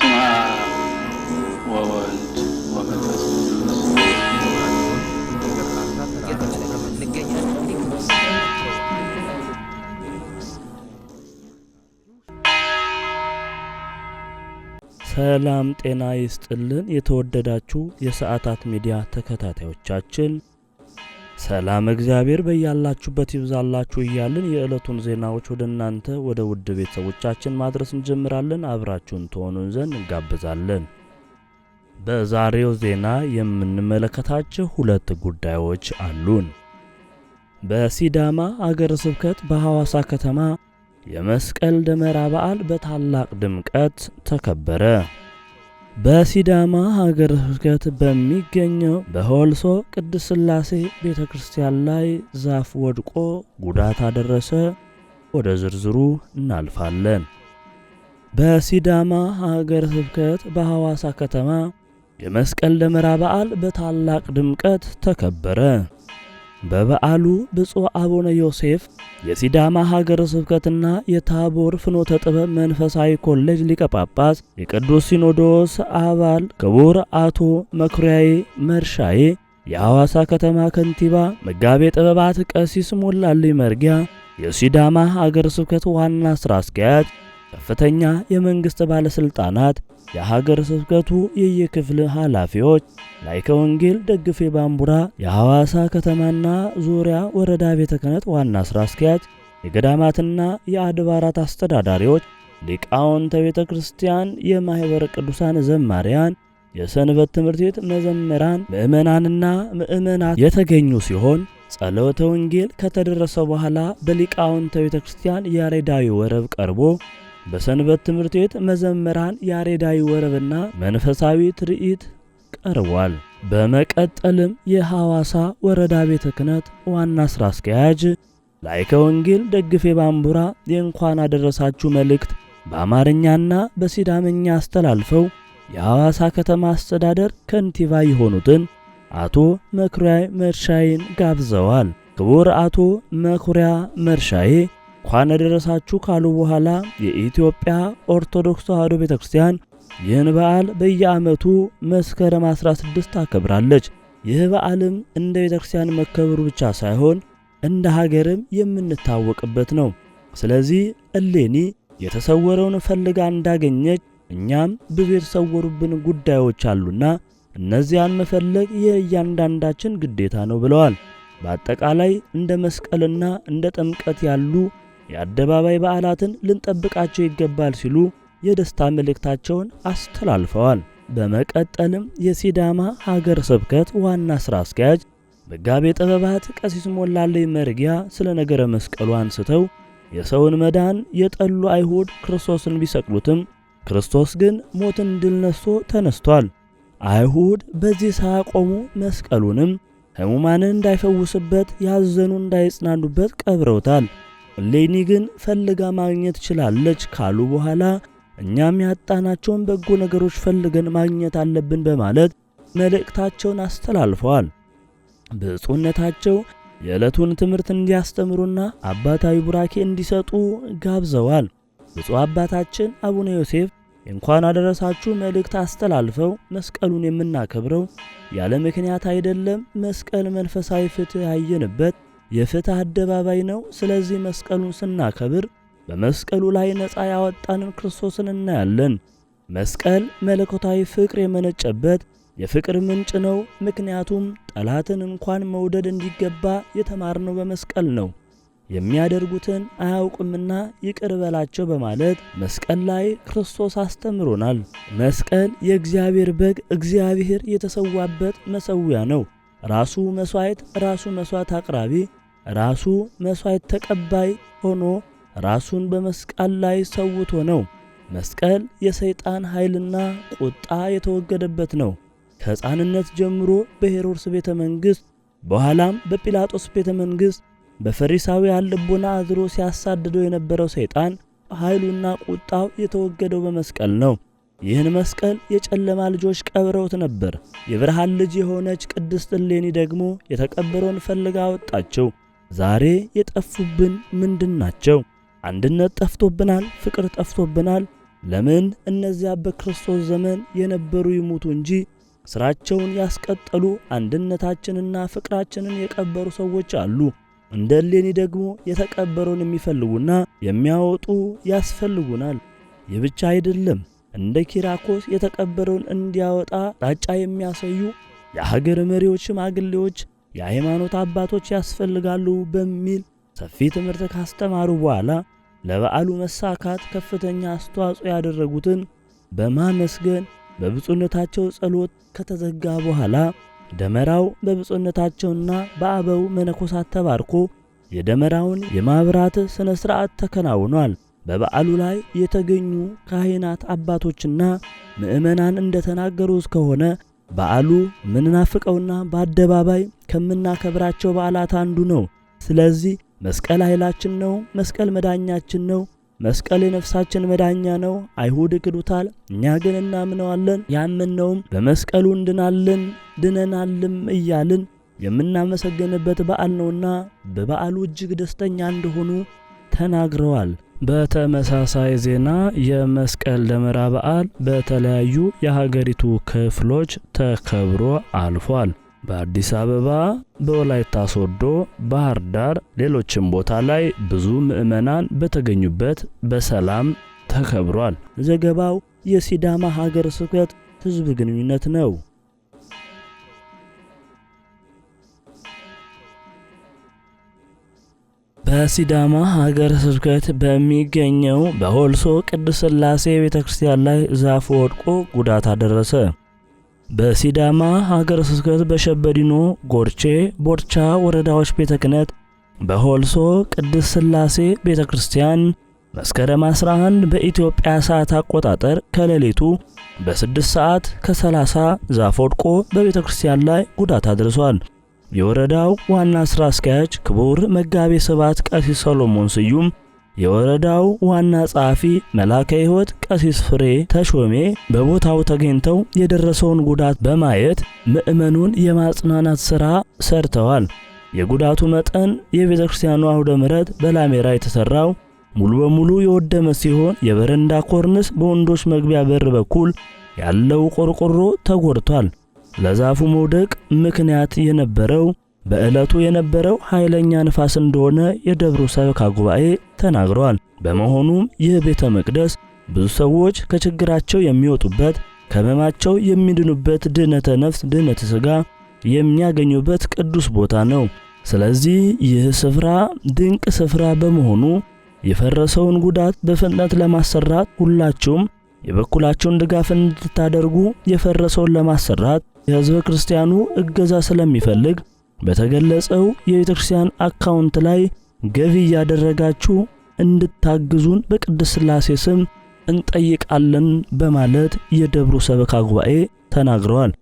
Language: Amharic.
በስመ አብ ወወልድ ወመንፈስ ሰላም ጤና ይስጥልን። የተወደዳችሁ የሰዓታት ሚዲያ ተከታታዮቻችን ሰላም እግዚአብሔር በያላችሁበት ይብዛላችሁ እያልን የዕለቱን ዜናዎች ወደ እናንተ ወደ ውድ ቤተሰቦቻችን ማድረስ እንጀምራለን። አብራችሁን ትሆኑን ዘንድ እንጋብዛለን። በዛሬው ዜና የምንመለከታቸው ሁለት ጉዳዮች አሉን። በሲዳማ አገረ ስብከት በሐዋሳ ከተማ የመስቀል ደመራ በዓል በታላቅ ድምቀት ተከበረ። በሲዳማ ሀገረ ስብከት በሚገኘው በሆልሶ ቅድስት ሥላሴ ቤተ ክርስቲያን ላይ ዛፍ ወድቆ ጉዳት አደረሰ። ወደ ዝርዝሩ እናልፋለን። በሲዳማ ሀገረ ስብከት በሐዋሳ ከተማ የመስቀል ደመራ በዓል በታላቅ ድምቀት ተከበረ። በበዓሉ ብፁዕ አቡነ ዮሴፍ የሲዳማ ሀገረ ስብከትና የታቦር ፍኖተ ጥበብ መንፈሳዊ ኮሌጅ ሊቀ ጳጳስ፣ የቅዱስ ሲኖዶስ አባል ክቡር አቶ መኩሪያዬ መርሻዬ፣ የሐዋሳ ከተማ ከንቲባ መጋቤ ጥበባት ቀሲስ ሞላልኝ መርጊያ፣ የሲዳማ ሀገረ ስብከት ዋና ሥራ አስኪያጅ፣ ከፍተኛ የመንግሥት ባለሥልጣናት የሀገር ስብከቱ የየክፍል ኃላፊዎች፣ ላይከ ወንጌል ደግፌ ባንቡራ የሐዋሳ ከተማና ዙሪያ ወረዳ ቤተ ክህነት ዋና ሥራ አስኪያጅ፣ የገዳማትና የአድባራት አስተዳዳሪዎች፣ ሊቃውንተ ቤተ ክርስቲያን፣ የማኅበረ ቅዱሳን ዘማሪያን፣ የሰንበት ትምህርት ቤት መዘምራን፣ ምዕመናንና ምዕመናት የተገኙ ሲሆን ጸሎተ ወንጌል ከተደረሰ በኋላ በሊቃውንተ ቤተ ክርስቲያን ያሬዳዊ ወረብ ቀርቦ በሰንበት ትምህርት ቤት መዘመራን ያሬዳዊ ወረብና መንፈሳዊ ትርኢት ቀርቧል። በመቀጠልም የሐዋሳ ወረዳ ቤተ ክህነት ዋና ሥራ አስኪያጅ ላይከ ወንጌል ደግፌ ባምቡራ የእንኳን አደረሳችሁ መልእክት በአማርኛና በሲዳምኛ አስተላልፈው የሐዋሳ ከተማ አስተዳደር ከንቲባ የሆኑትን አቶ መኩሪያ መርሻዬን ጋብዘዋል። ክቡር አቶ መኩሪያ መርሻዬ እንኳን አደረሳችሁ ካሉ በኋላ የኢትዮጵያ ኦርቶዶክስ ተዋሕዶ ቤተ ክርስቲያን ይህን በዓል በየዓመቱ መስከረም 16 ታከብራለች። ይህ በዓልም እንደ ቤተ ክርስቲያን መከበሩ ብቻ ሳይሆን እንደ ሀገርም የምንታወቅበት ነው። ስለዚህ እሌኒ የተሰወረውን ፈልጋ እንዳገኘች እኛም ብዙ የተሰወሩብን ጉዳዮች አሉና እነዚያን መፈለግ የእያንዳንዳችን ግዴታ ነው ብለዋል። በአጠቃላይ እንደ መስቀልና እንደ ጥምቀት ያሉ የአደባባይ በዓላትን ልንጠብቃቸው ይገባል ሲሉ የደስታ መልእክታቸውን አስተላልፈዋል። በመቀጠልም የሲዳማ ሀገረ ስብከት ዋና ሥራ አስኪያጅ መጋቤ ጥበባት ቀሲስ ሞላለኝ መርጊያ ስለ ነገረ መስቀሉ አንስተው የሰውን መዳን የጠሉ አይሁድ ክርስቶስን ቢሰቅሉትም ክርስቶስ ግን ሞትን ድል ነስቶ ተነስቷል። አይሁድ በዚህ ሳያቆሙ መስቀሉንም ሕሙማንን እንዳይፈውስበት ያዘኑ እንዳይጽናኑበት ቀብረውታል። ሌኒ ግን ፈልጋ ማግኘት ችላለች ካሉ በኋላ እኛም ያጣናቸውን በጎ ነገሮች ፈልገን ማግኘት አለብን በማለት መልእክታቸውን አስተላልፈዋል። ብፁዕነታቸው የዕለቱን ትምህርት እንዲያስተምሩና አባታዊ ቡራኬ እንዲሰጡ ጋብዘዋል። ብፁዕ አባታችን አቡነ ዮሴፍ እንኳን አደረሳችሁ መልእክት አስተላልፈው መስቀሉን የምናከብረው ያለ ምክንያት አይደለም። መስቀል መንፈሳዊ ፍትሕ ያየንበት የፍትህ አደባባይ ነው። ስለዚህ መስቀሉን ስናከብር በመስቀሉ ላይ ነፃ ያወጣንን ክርስቶስን እናያለን። መስቀል መለኮታዊ ፍቅር የመነጨበት የፍቅር ምንጭ ነው። ምክንያቱም ጠላትን እንኳን መውደድ እንዲገባ የተማርነው በመስቀል ነው። የሚያደርጉትን አያውቁምና ይቅር በላቸው በማለት መስቀል ላይ ክርስቶስ አስተምሮናል። መስቀል የእግዚአብሔር በግ፣ እግዚአብሔር የተሰዋበት መሠዊያ ነው። ራሱ መሥዋዕት፣ ራሱ መሥዋዕት አቅራቢ፣ ራሱ መሥዋዕት ተቀባይ ሆኖ ራሱን በመስቀል ላይ ሰውቶ ነው። መስቀል የሰይጣን ኃይልና ቁጣ የተወገደበት ነው። ከሕፃንነት ጀምሮ በሄሮድስ ቤተ መንግሥት፣ በኋላም በጲላጦስ ቤተ መንግሥት በፈሪሳውያን ልቦና አድሮ ሲያሳድደው የነበረው ሰይጣን ኃይሉና ቁጣው የተወገደው በመስቀል ነው። ይህን መስቀል የጨለማ ልጆች ቀብረውት ነበር። የብርሃን ልጅ የሆነች ቅድስት እሌኒ ደግሞ የተቀበረውን ፈልጋ አወጣቸው። ዛሬ የጠፉብን ምንድን ናቸው? አንድነት ጠፍቶብናል። ፍቅር ጠፍቶብናል። ለምን እነዚያ በክርስቶስ ዘመን የነበሩ ይሙቱ እንጂ ሥራቸውን ያስቀጠሉ አንድነታችንና ፍቅራችንን የቀበሩ ሰዎች አሉ። እንደ እሌኒ ደግሞ የተቀበረውን የሚፈልጉና የሚያወጡ ያስፈልጉናል። ይህ ብቻ አይደለም። እንደ ኪራኮስ የተቀበረውን እንዲያወጣ ራጫ የሚያሳዩ የሀገር መሪዎች፣ ሽማግሌዎች፣ የሃይማኖት አባቶች ያስፈልጋሉ በሚል ሰፊ ትምህርት ካስተማሩ በኋላ ለበዓሉ መሳካት ከፍተኛ አስተዋጽኦ ያደረጉትን በማመስገን በብፁዕነታቸው ጸሎት ከተዘጋ በኋላ ደመራው በብፁዕነታቸውና በአበው መነኮሳት ተባርኮ የደመራውን የማብራት ሥነ ሥርዓት ተከናውኗል። በበዓሉ ላይ የተገኙ ካህናት አባቶችና ምእመናን እንደተናገሩ እስከሆነ በዓሉ ምንናፍቀውና በአደባባይ ከምናከብራቸው በዓላት አንዱ ነው። ስለዚህ መስቀል ኃይላችን ነው፣ መስቀል መዳኛችን ነው፣ መስቀል የነፍሳችን መዳኛ ነው። አይሁድ ክዱታል፣ እኛ ግን እናምነዋለን። ያምነውም በመስቀሉ እንድናለን ድነናልም እያልን የምናመሰግንበት በዓል ነውና በበዓሉ እጅግ ደስተኛ እንደሆኑ ተናግረዋል። በተመሳሳይ ዜና የመስቀል ደመራ በዓል በተለያዩ የሀገሪቱ ክፍሎች ተከብሮ አልፏል። በአዲስ አበባ፣ በወላይታ ሶዶ፣ ባህር ዳር፣ ሌሎችም ቦታ ላይ ብዙ ምዕመናን በተገኙበት በሰላም ተከብሯል። ዘገባው የሲዳማ ሀገረ ስብከት ሕዝብ ግንኙነት ነው። በሲዳማ ሀገረ ስብከት በሚገኘው በሆልሶ ቅድስት ሥላሴ ቤተ ክርስቲያን ላይ ዛፍ ወድቆ ጉዳት አደረሰ። በሲዳማ ሀገረ ስብከት በሸበዲኖ፣ ጎርቼ፣ ቦርቻ ወረዳዎች ቤተ ክህነት በሆልሶ ቅድስት ሥላሴ ቤተ ክርስቲያን መስከረም 11 በኢትዮጵያ ሰዓት አቆጣጠር ከሌሊቱ በ6 ሰዓት ከ30 ዛፍ ወድቆ በቤተ ክርስቲያን ላይ ጉዳት አድርሷል። የወረዳው ዋና ሥራ አስኪያጅ ክቡር መጋቤ ሰባት ቀሲስ ሰሎሞን ስዩም፣ የወረዳው ዋና ጸሐፊ መላከ ሕይወት ቀሲስ ፍሬ ተሾሜ በቦታው ተገኝተው የደረሰውን ጉዳት በማየት ምዕመኑን የማጽናናት ሥራ ሰርተዋል። የጉዳቱ መጠን የቤተ ክርስቲያኑ አውደ ምረት በላሜራ የተሠራው ሙሉ በሙሉ የወደመ ሲሆን የበረንዳ ኮርንስ በወንዶች መግቢያ በር በኩል ያለው ቆርቆሮ ተጎድቷል። ለዛፉ መውደቅ ምክንያት የነበረው በዕለቱ የነበረው ኃይለኛ ንፋስ እንደሆነ የደብሩ ሰበካ ጉባኤ ተናግሯል። በመሆኑም ይህ ቤተ መቅደስ ብዙ ሰዎች ከችግራቸው የሚወጡበት፣ ከሕመማቸው የሚድኑበት፣ ድህነተ ነፍስ፣ ድህነተ ሥጋ የሚያገኙበት ቅዱስ ቦታ ነው። ስለዚህ ይህ ስፍራ ድንቅ ስፍራ በመሆኑ የፈረሰውን ጉዳት በፍጥነት ለማሰራት ሁላችሁም የበኩላችሁን ድጋፍ እንድታደርጉ የፈረሰውን ለማሰራት የህዝበ ክርስቲያኑ እገዛ ስለሚፈልግ በተገለጸው የቤተ ክርስቲያን አካውንት ላይ ገቢ እያደረጋችሁ እንድታግዙን በቅድስት ሥላሴ ስም እንጠይቃለን በማለት የደብሩ ሰበካ ጉባኤ ተናግረዋል።